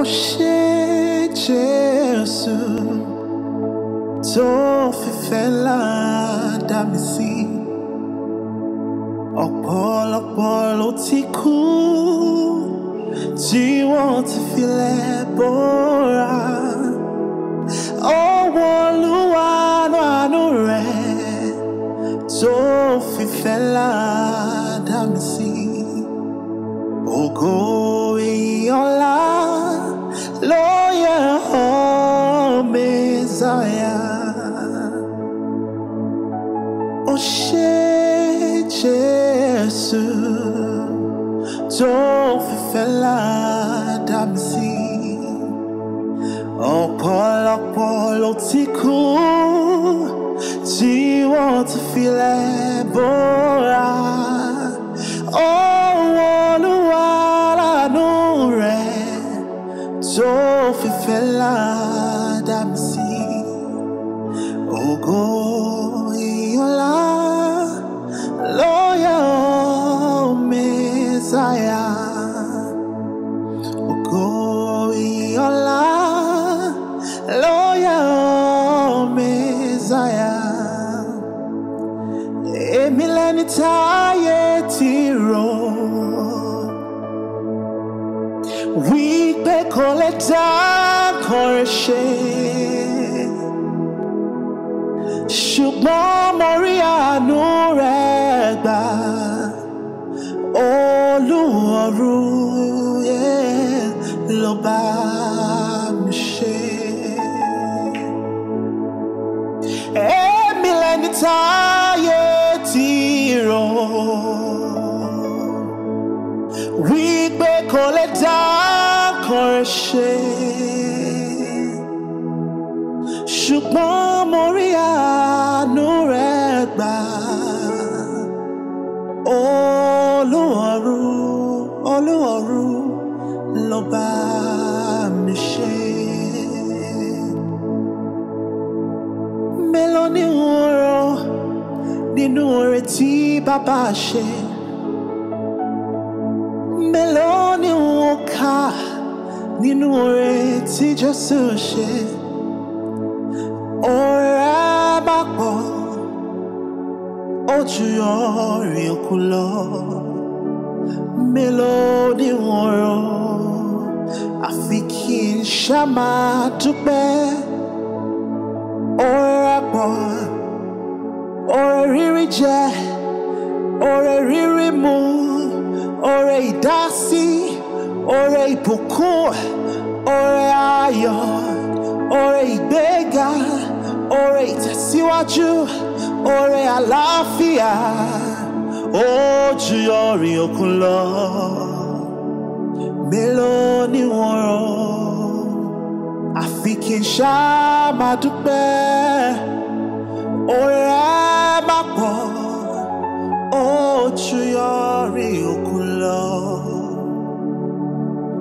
Rocher Jésus, tó fi fẹ́ ládàá mi sí. Ọ̀pọ̀lọpọ̀ ló ti kú tí wọ́n ti filẹ̀ bóra. Ọwọ́ Olúwa ló àánú rẹ̀ tó fi fẹ́ ládàá. so fifela damsi ọ̀pọ̀lọpọ̀ ló ti kú tí wọ́n ti won to feel bo ṣe ṣùgbọ́n mo rí àánú rẹ gbà olúwarú ló bá mi ṣe. mélòó ni wọ́n tí bàbá she. Meloni ni nínú retí Jésù ṣe ọ̀rẹ́ bá pọ̀ ó ju ọ̀rẹ́ òkú lọ mélòó ni wọ́n rọ àfi kí n ṣá máa dúpẹ́ ọ̀rẹ́ pọ̀ ọ̀rẹ́ rírí jẹ ọ̀rẹ́ rírí mu ọ̀rẹ́ ìdásí. Ore Ipuku ayọ̀ oore ìgbéga oore ìtẹ̀síwájú oore àlàáfíà ó jù orin òkun lọ mélòó ni wọ́n rọ àfi kí n ṣáà máa dúpẹ́ oore má pọ̀ ó jù òkun lọ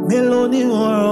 mélòó ni wọ́n rọ.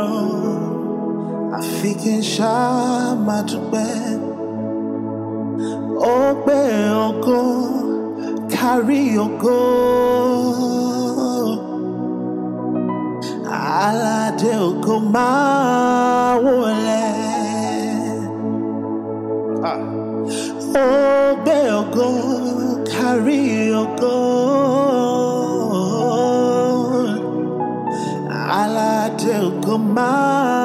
kí n ṣá máa dúpẹ́ ọpẹ́ ògo kárí ògo aládé ògo máa wọlé ọpẹ́ ògo kárí ògo. aládé ògo máa.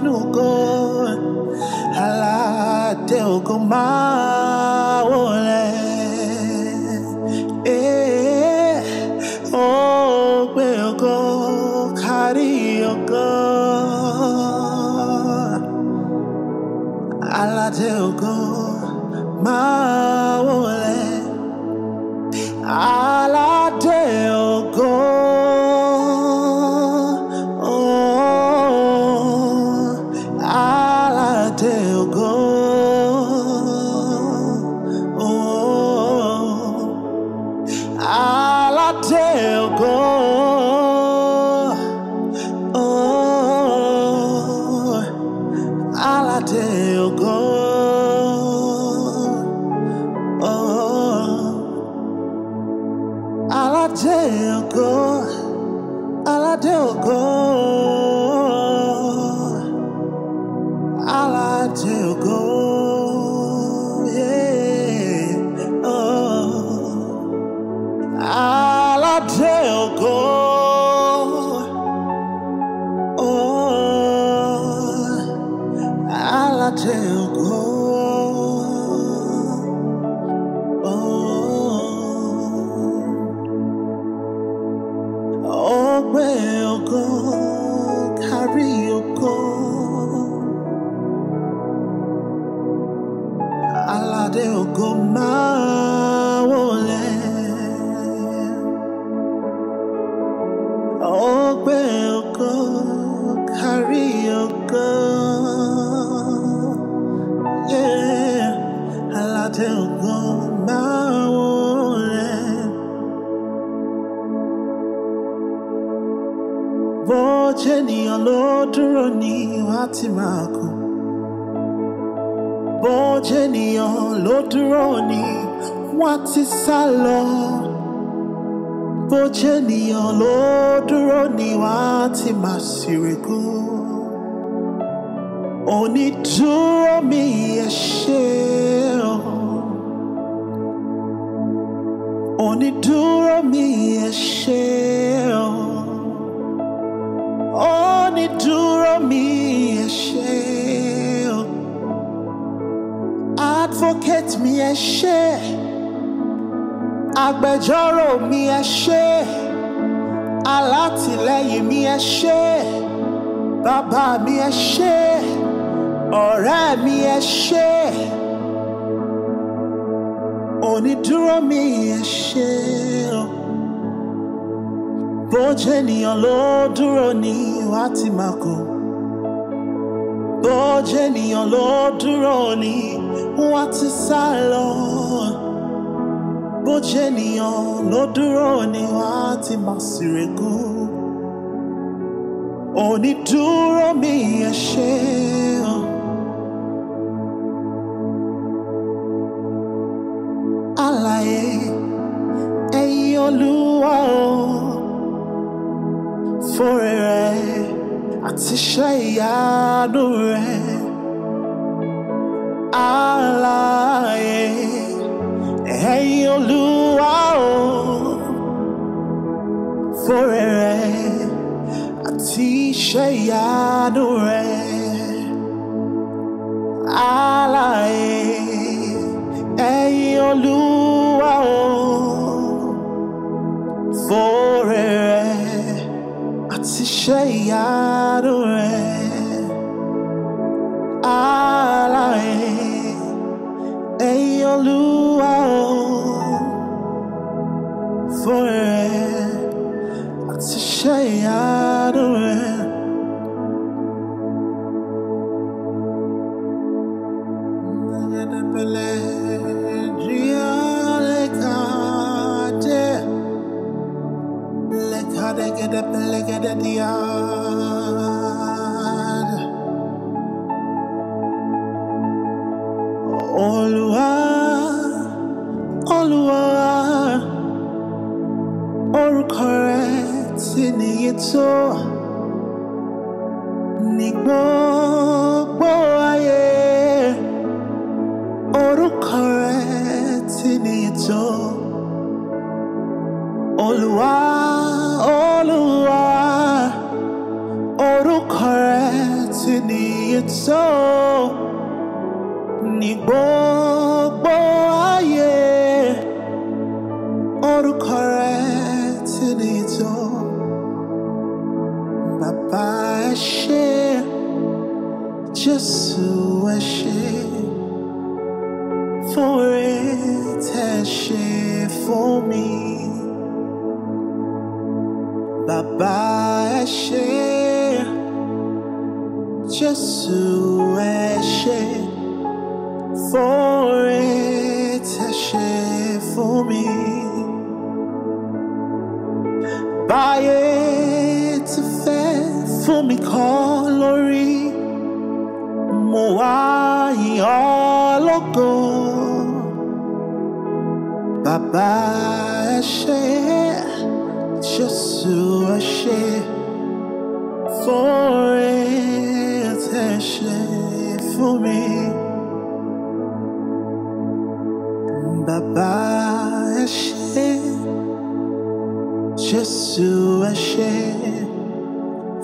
manugo ala te ma ole eh o pe go kari go ala te ma mountain. advocate mi ẹ ṣé agbẹjọ́rò mi ẹ ṣé alátìlẹ́yìn mi ẹ ṣé bàbá mi ẹ ṣé ọ̀rẹ́ mi ẹ ṣé onídúró mi ẹ ṣé bójú ènìyàn ló dúró ní wá ti máa bójú ènìyàn ló dúró ní wá ti sá lọ bó jẹ́ ènìyàn ló dúró ni wá ti máa ṣìrègù onídúró mi ẹ ṣe hàn. alààyè olúwa o fún rere àti iṣẹ́ ìyanu rẹ̀. aláyé ẹ̀yin olúwa o fúnra rẹ àti iṣẹ́ ìyanu rẹ aláyé ẹ̀yin olúwa o àti iṣẹ́ ìyanu rẹ aláyé your luau Forever Atishai Adonai Let her get up and let her get up.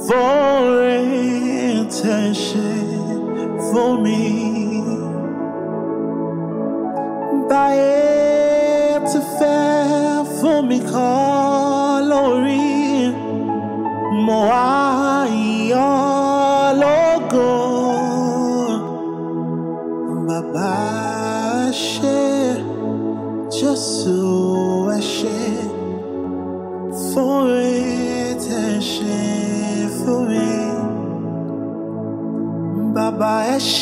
for attention for me. By it to fair for me, Lori. Moa logo. Bye bye.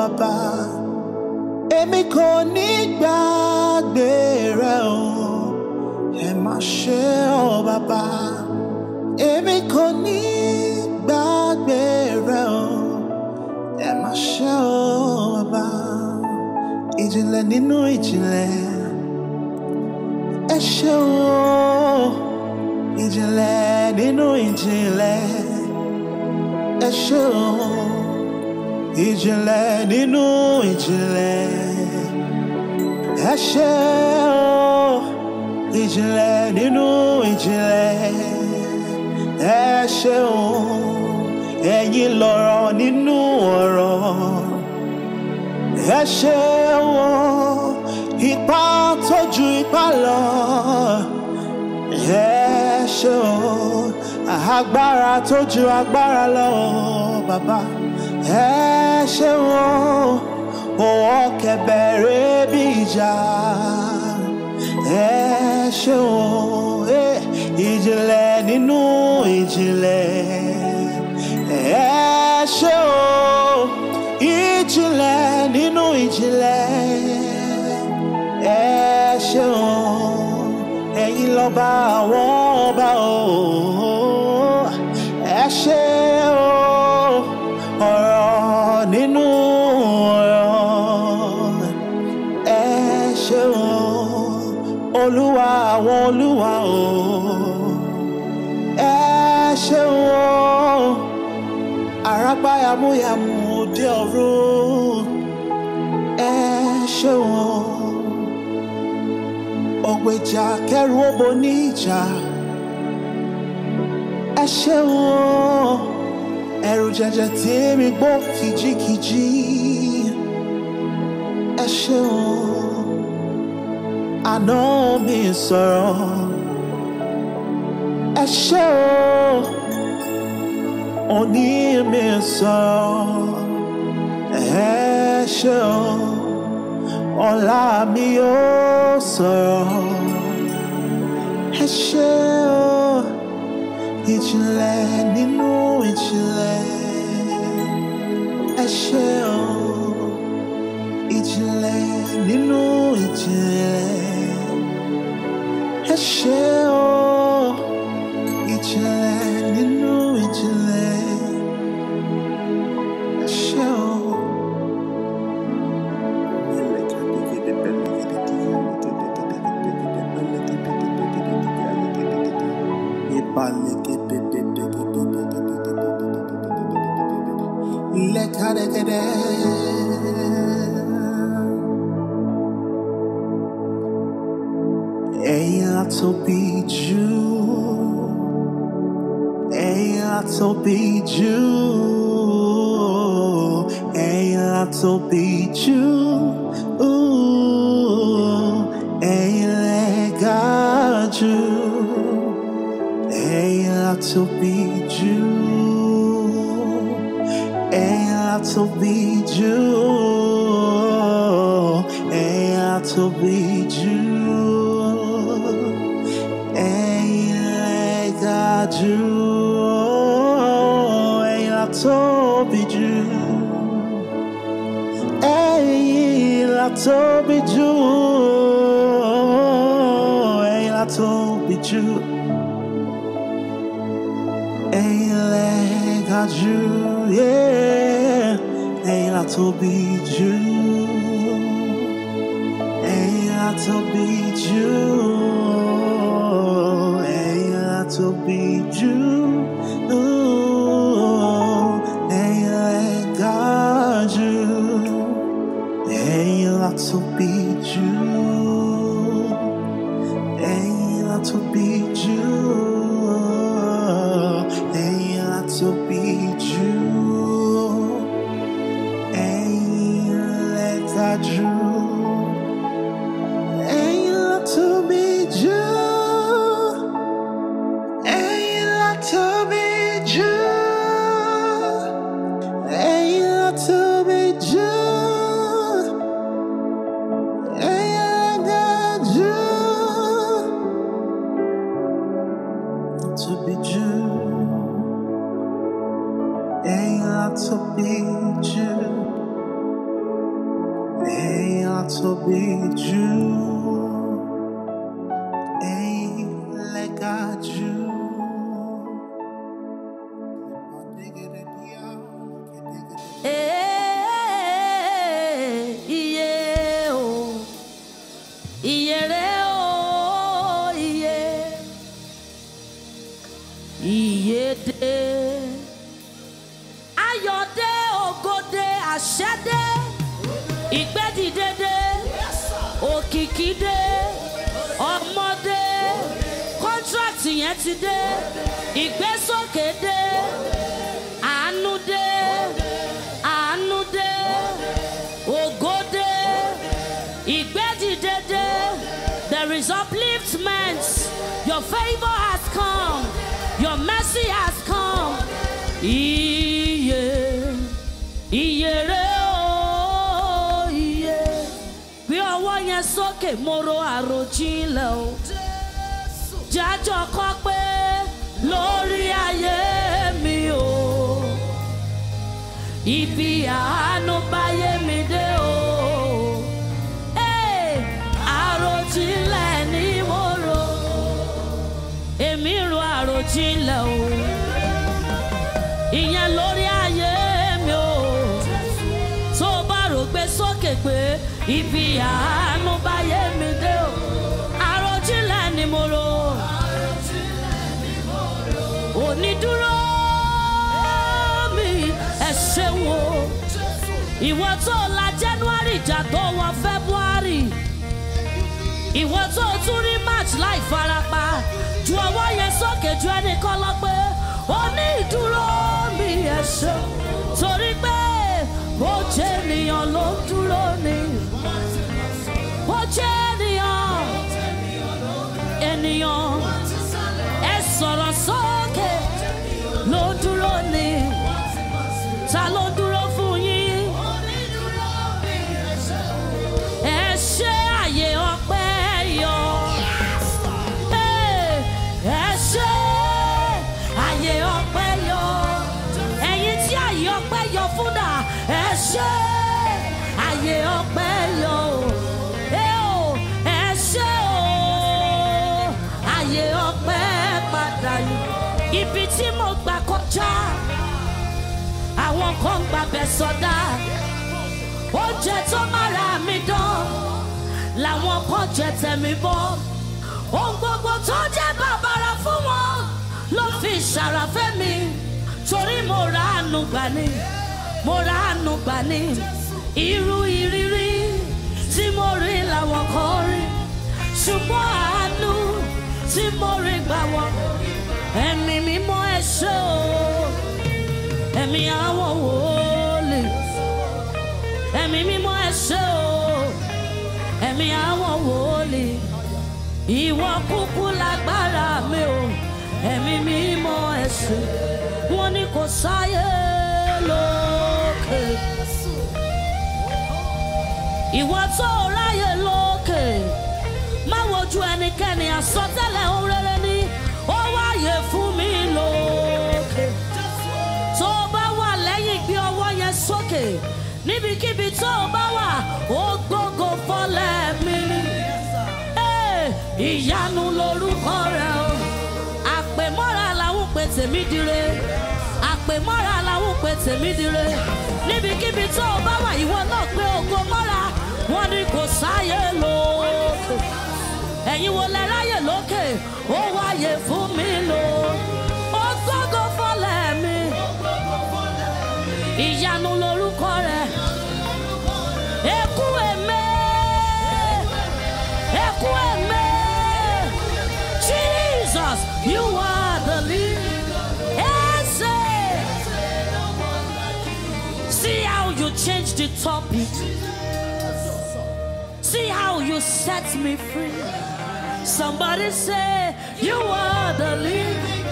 bàbá èmi kò ní gbàgbé rẹ o ẹ má ṣe o bàbá èmi kò ní gbàgbé rẹ o ẹ má ṣe o bàbá ìjìnlẹ̀ nínú ìjìnlẹ̀ ẹ ṣe o ìjìnlẹ̀ nínú ìjìnlẹ̀ ẹ ṣé o. ìjìnlẹ̀ nínú ìjìnlẹ̀ ẹ ṣé o ìjìnlẹ̀ nínú ìjìnlẹ̀ ẹ ṣé o ẹ̀yin lọ̀rọ̀ nínú ọ̀rọ̀ ẹ ṣé o ipá tó ju ipá lọ ẹ o agbára tó ju agbára lọ bàbá ẹ ṣeun òun kẹbẹrẹ bí ìjà ẹ ṣeun eh, ìjìnlẹ̀ nínú ìjìnlẹ̀ ẹ ṣeun ìjìnlẹ̀ nínú ìjìnlẹ̀ ẹ ṣeun ẹ̀yin lọ́ba àwọn ọba o ẹ ṣeun. àwọn olúwa o ẹ ṣeun o àràpá yàmúyàmú òde ọ̀run ẹ ṣeun o ògbèjà kẹrù òbò ní ìjà ẹ ṣeun o ẹrù jẹjẹ tí mi gbó kìjikìji ẹ ṣeun o. àná mi sọ̀rọ̀ ẹ ṣé o òní mi I show ṣé o ọ̀la mi yóò sọ̀rọ̀ ẹ ṣé o ìjìnlẹ̀ nínú ìjìnlẹ̀ ẹ ṣé o ìjìnlẹ̀ nínú ìjìnlẹ̀. Hashem. to beat you. ibi àánú mi dé o. àròjinlẹ̀ ni mo rò èmi o ìyẹn lórí ayé mi o tó bá rò gbé sókè pé ibi àánú. ìwọ tó la January jà tó wọ February ìwọ tó tún rí March láì farapa ju ọwọ́ yẹn sókè ju ẹnì kan lọ pé ó ní ìdúró mi ẹ̀ ṣe torí pé ó jẹ́ ènìyàn ló ń dúró ni. kó ń gbàbẹ sọdá oúnjẹ tó mára mi dán làwọn kan jẹ tẹ̀mí bọ́ ohun gbogbo tó jẹ́ bàbàrà fún wọn ló fi ṣàràfẹ́ mi torí mo ra àánú gbà ni mo ra àánú gbà ni irú ìrírí tí mo rí làwọn kan rí ṣùgbọ́n àánú tí mo rí gbà wọ́n ẹ̀mí mímọ́ ẹ̀ ṣe o ẹ̀mí àwọ̀ wòlíì ẹ̀mí mímọ́ ẹ ṣé o ẹ̀mí àwọ̀ wòlíì ìwọ kúkú lágbára mi o ẹ̀mí mímọ́ ẹ ṣé wọn ni kò sáyé lókè ìwọ tó ráyè lókè má wojú ẹnikẹ́ni àsọtẹ́lẹ̀ ohun rere ni ó wáyé fún. ibikíbi tó o bá wà ó gbógo fọlẹ̀ mi. ìyanu lorúkọ rẹ o àpèmọ́ra làwọn pè tèmi dire àpèmọ́ra làwọn pè tèmi dire níbikíbi tó o bá wà ìwọ náà gbé ògo mọ́ra wọn ni kò sáyé lókè ẹ̀yin wo lẹ ráyè lókè ó wáyé fún mi lò ó ìyanu lorúkọ rẹ. Aquaman. Jesus, you are the living. And see how you change the topic. See how you set me free. Somebody say, you are the living.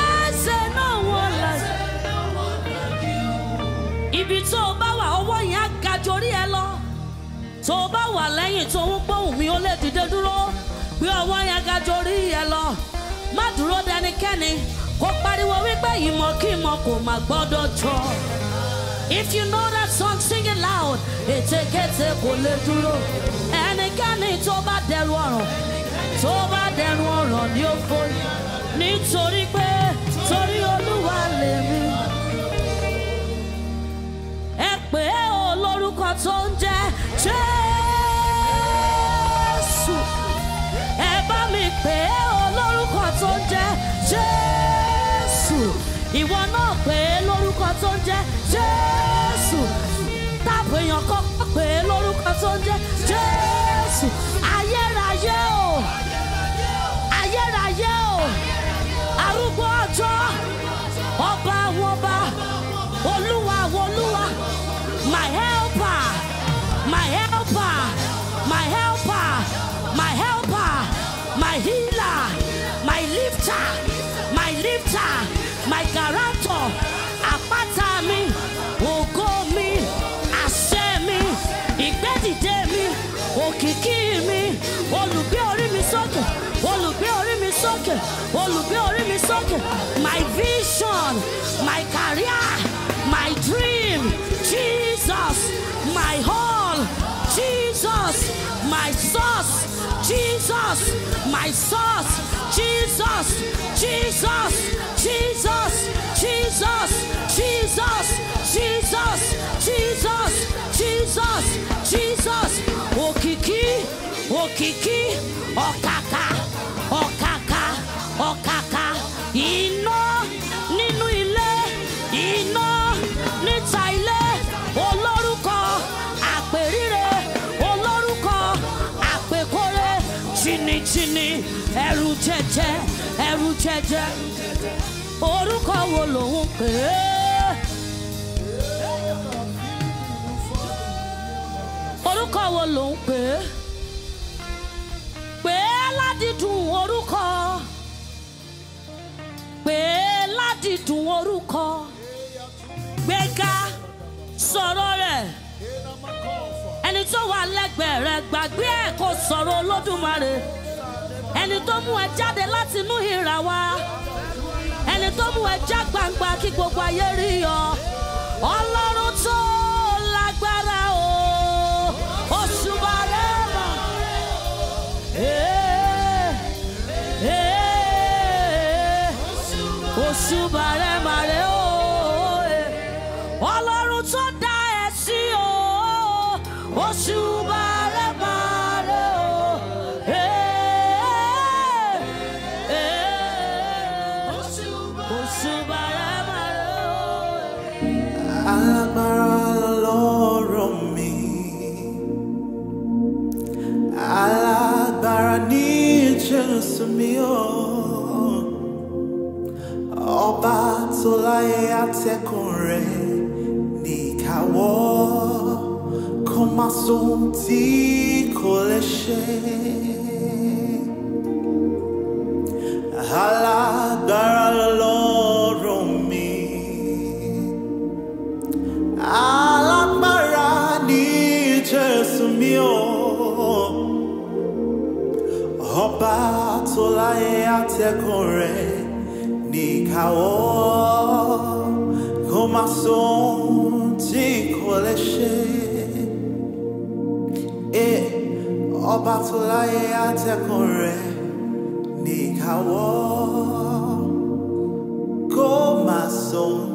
And no one like you. If it's over bá wà lẹ́yìn tó mi ó lè dìde dúró ọwọ́ ga jorí ẹ lọ má dúró kó pariwo kò má gbọ́dọ̀ jọ. If you know that song, sing it loud. Ètekéte kò lè dúró. Ẹnikẹ́ni tó bá dẹrù ọ̀ràn tó bá dẹrù ọ̀ràn ni ó forí. Nítorí pé torí Olúwa lèmi. Ẹ pè é o lórúkọ tori oluwa e pe loruko to 昨天。olùgbé orí mi sókè my vision my career my dream Jesus my all Jesus my source Jesus my source Jesus Jesus Jesus Jesus Jesus Jesus Jesus Jesus Jesus òkìkí òkìkí ọ̀kàkà ọ̀kàkà iná nínú ilé iná níta ilé olórúkọ àpèríre olórúkọ àpèkórè tìnìtìnì ẹrù jẹjẹ ẹrù jẹjẹ orúkọ wo lòun pè é. orúkọ wo lòun pè é. dídùn orúkọ gbéga sọ̀rọ̀ rẹ̀ ẹni tó wà lẹ́gbẹ̀ẹ́ rẹ̀ gbàgbé ẹ̀ kò sọ̀rọ̀ olódùmarè ẹni tó mú ẹ jáde láti inú ìhìnrà wa ẹni tó mú ẹ já gbangba kí gbogbo ayé rí ọ ọlọ́run tó lágbára. to balance. ọsọ láyé atẹ́kùn rẹ̀ ní kawo kó má sóhun tí kò lè ṣe. lọ́rọ̀ mi alágbára ní Jésù mi o ọba tó láyé atẹ́kùn rẹ̀. 你靠我。ma sonti koleche E ọba tó láyé atẹ́kùn rẹ̀ ní ìkáwọ́ kó má sonti.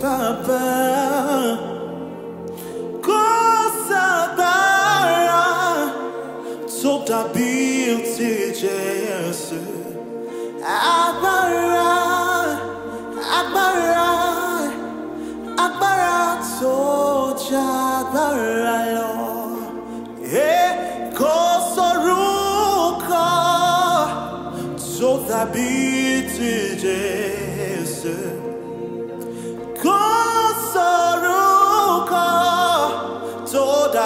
papa Kosabara Toptabirti Jesu Agbára Agbára Agbára tó jágbára lọ Kò sọ̀rọ̀ kan Toptabirti Jesu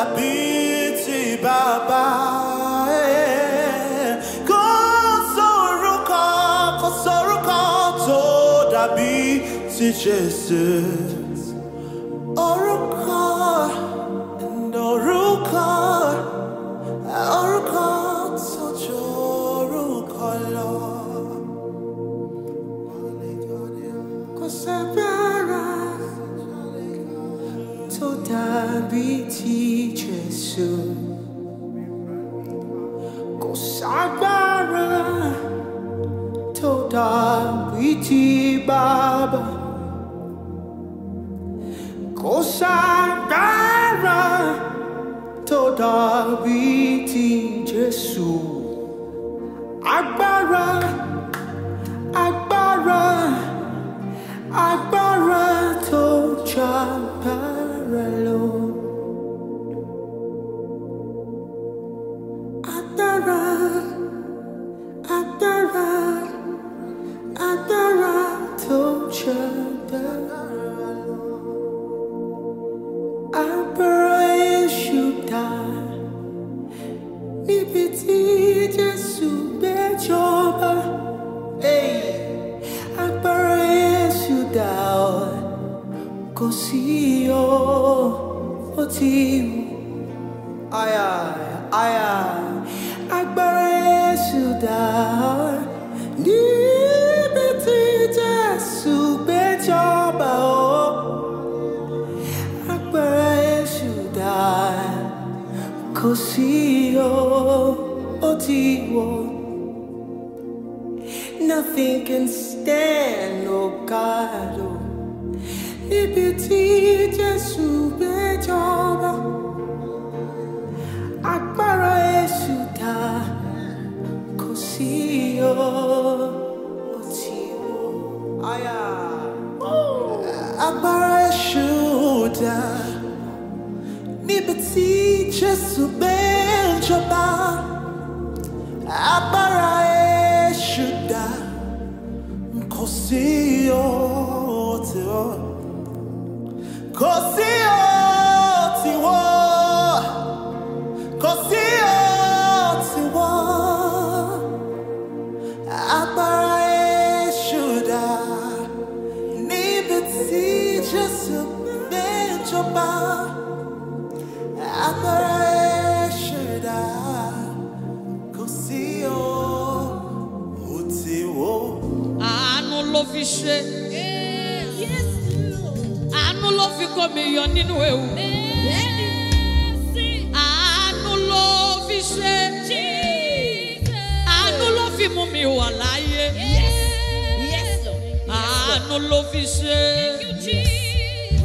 tàbí ti bàbá ẹ̀ kò sórúkọ kò sórúkọ tó dàbí ti Jésù jù kò ságbára tó ti bàbá kò ságbára tó dàbí ti Jésù agbára agbára agbára tó jà future. Ah, Ano l'office. Thank ah, you, Jesus.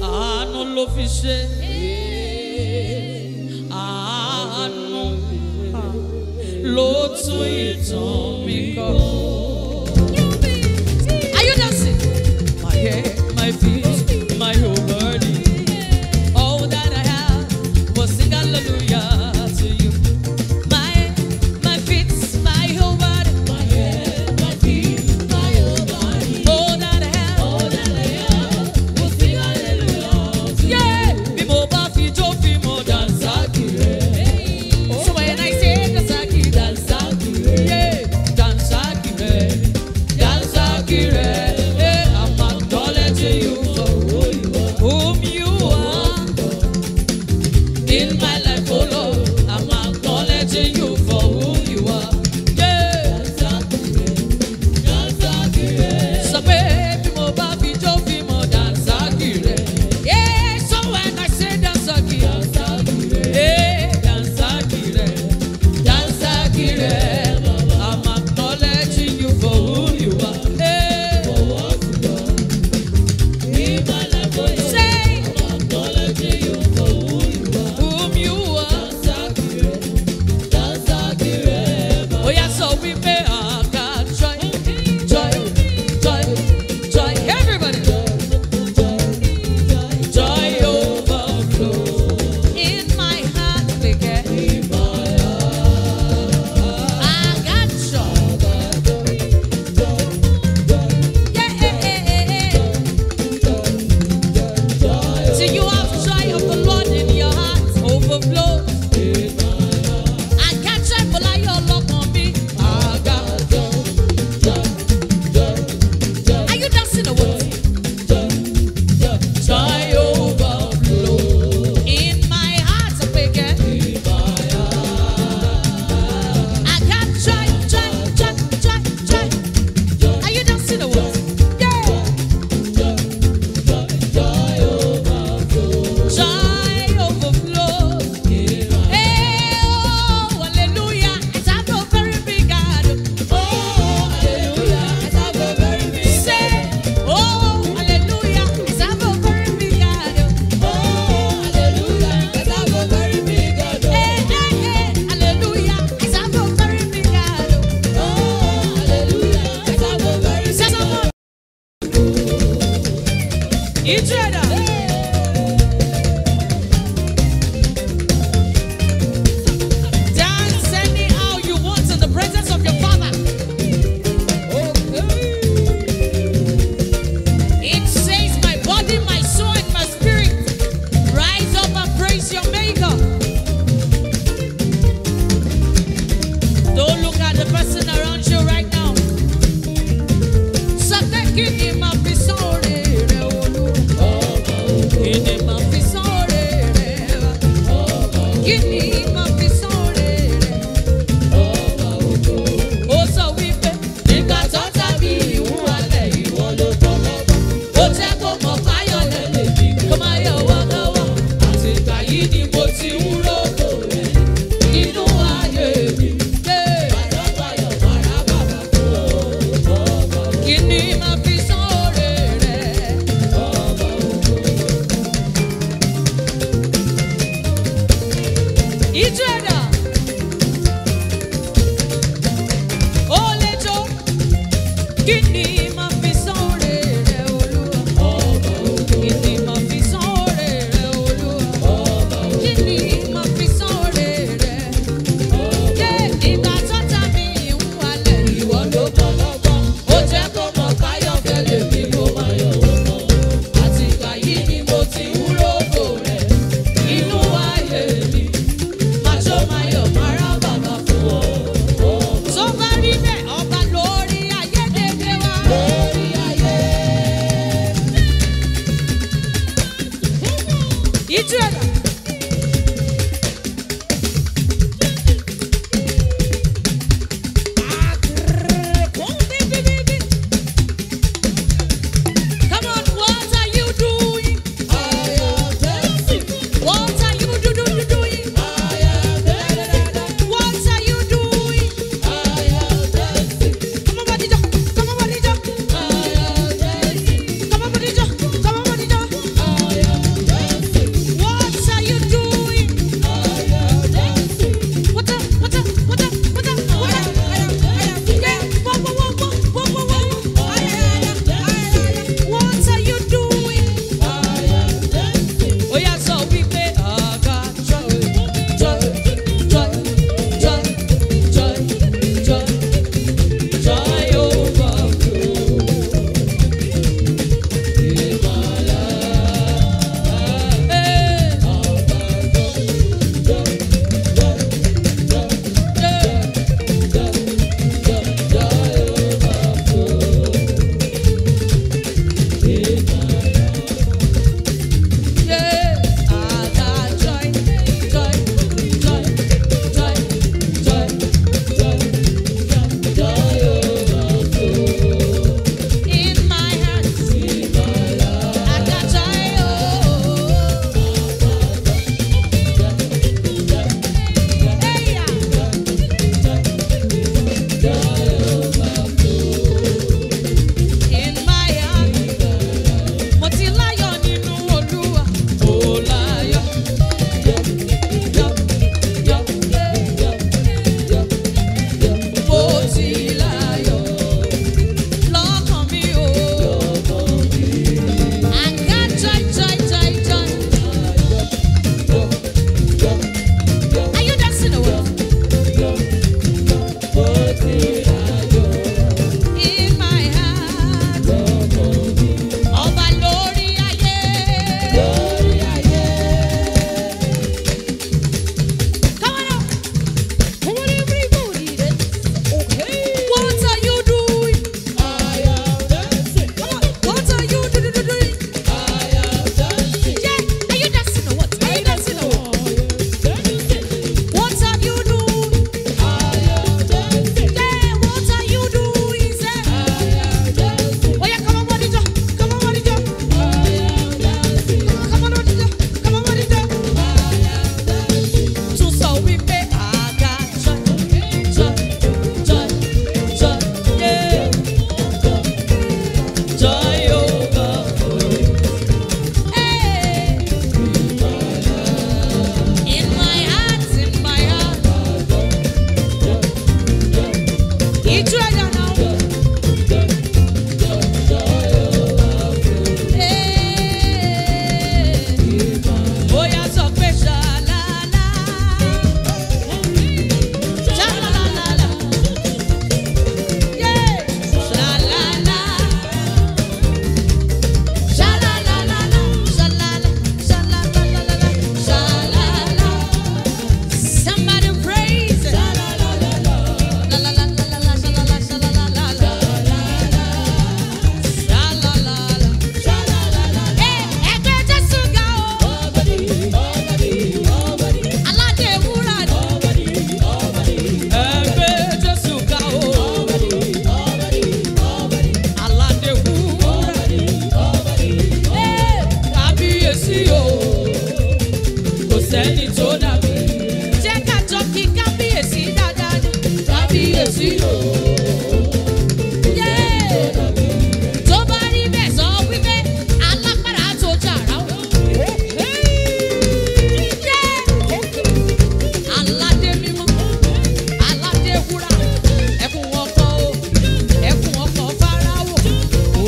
Ano l'office. Ano l'otu itomiko.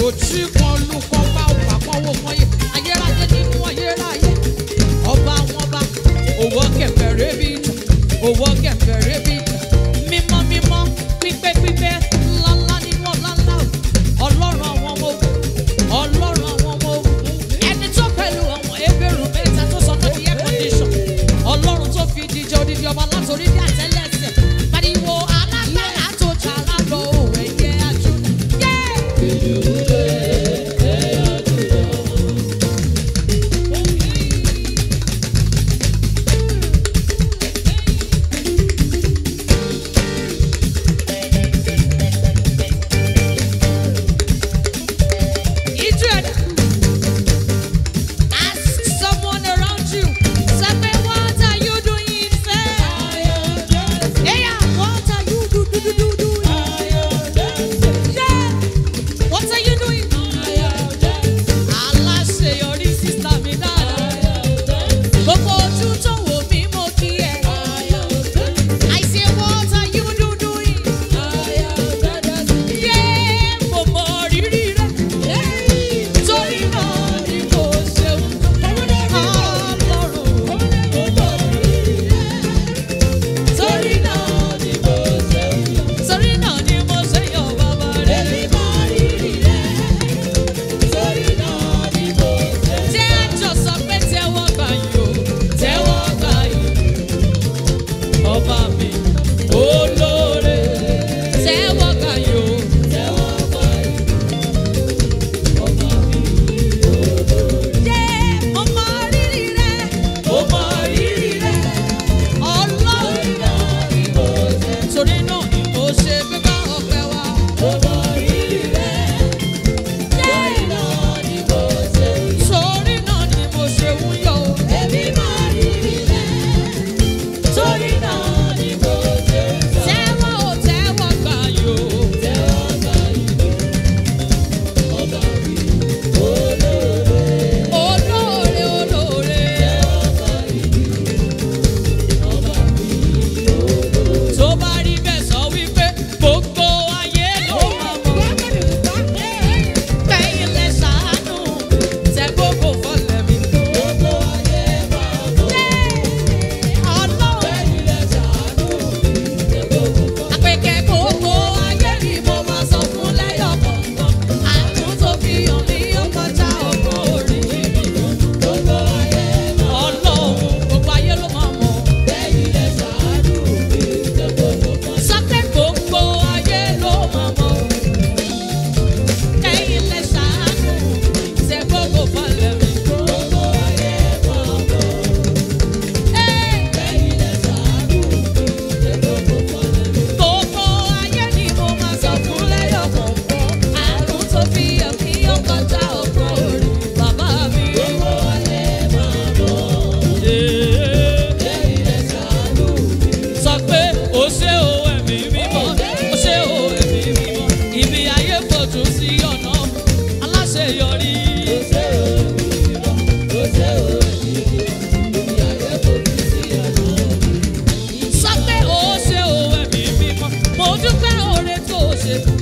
òtí kan lukọ bá òpàpọ̀ wò kan yìí.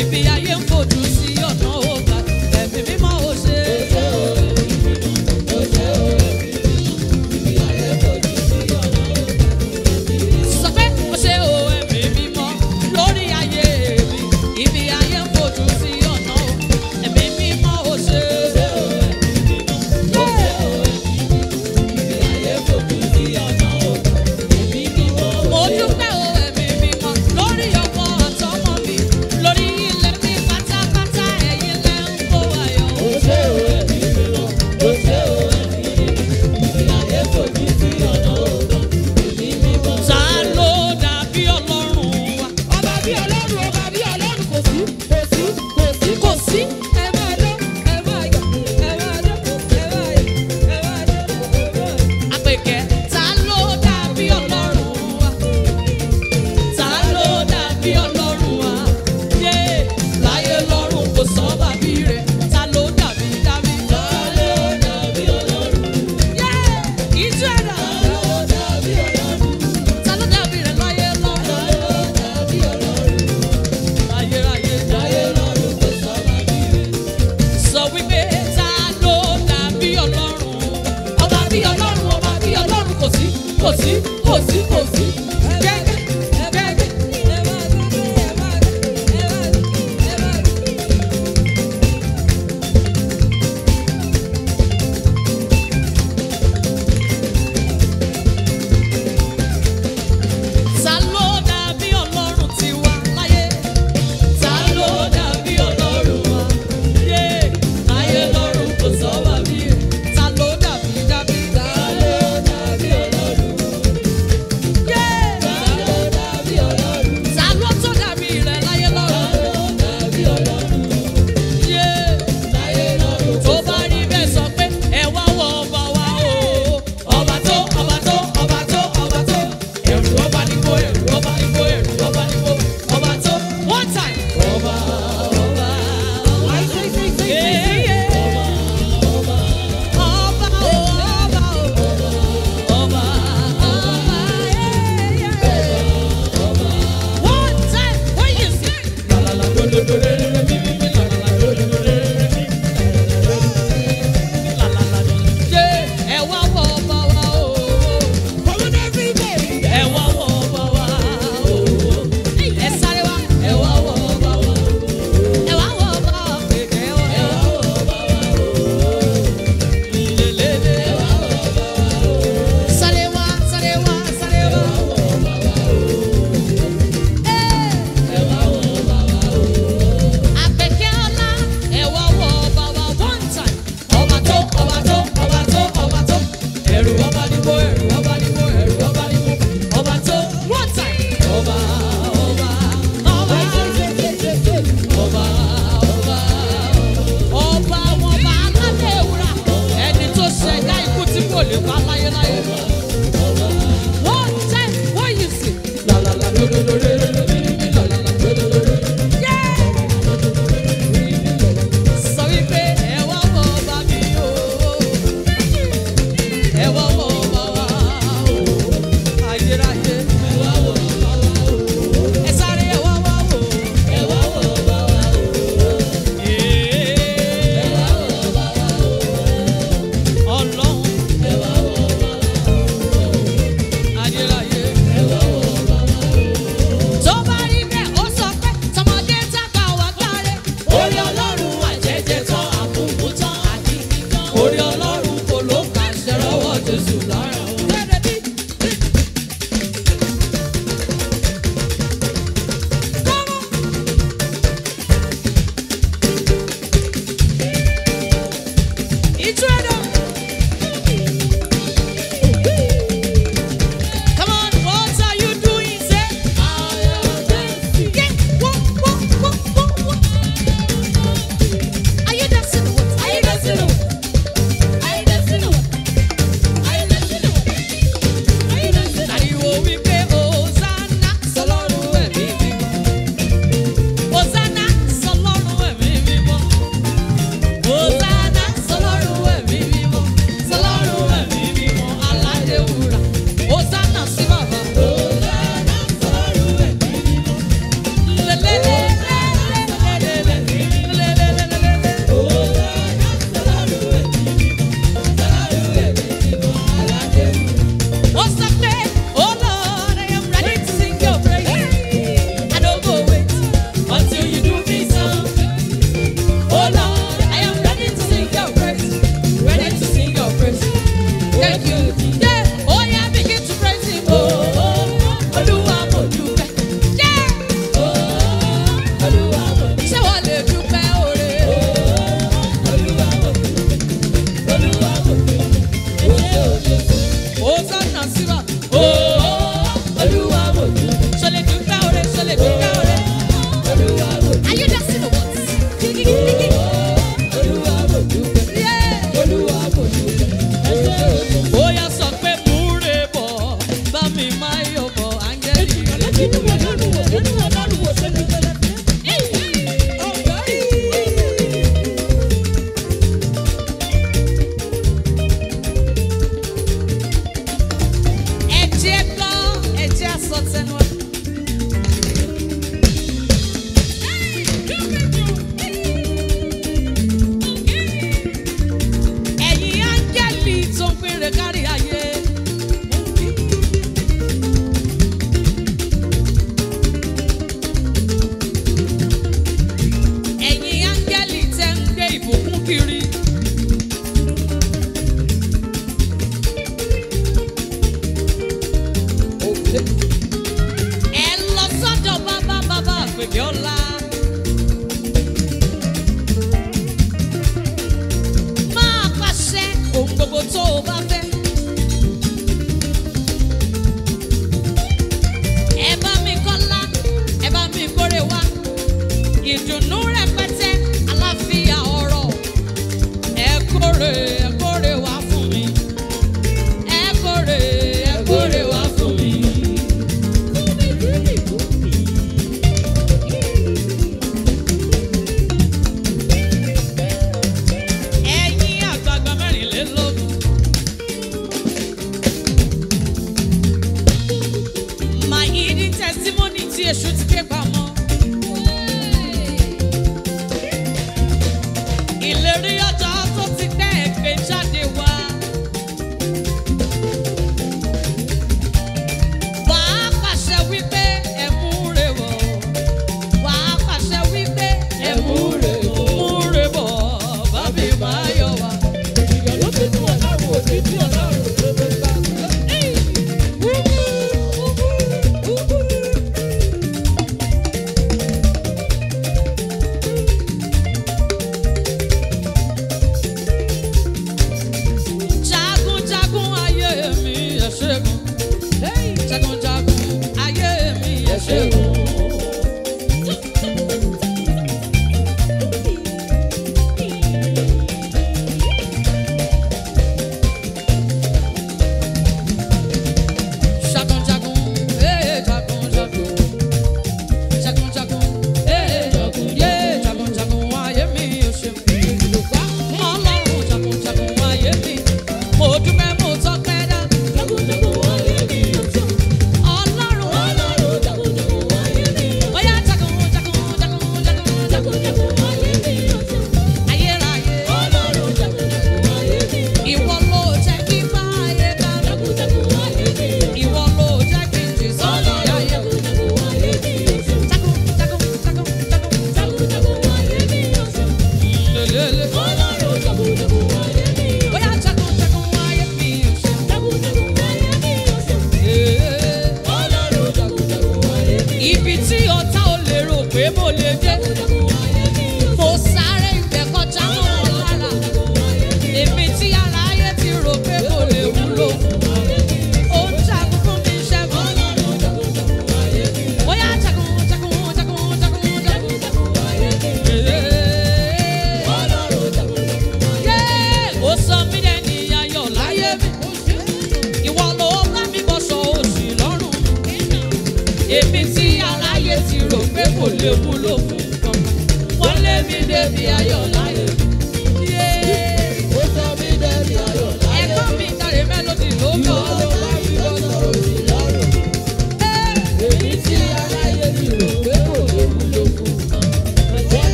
If I.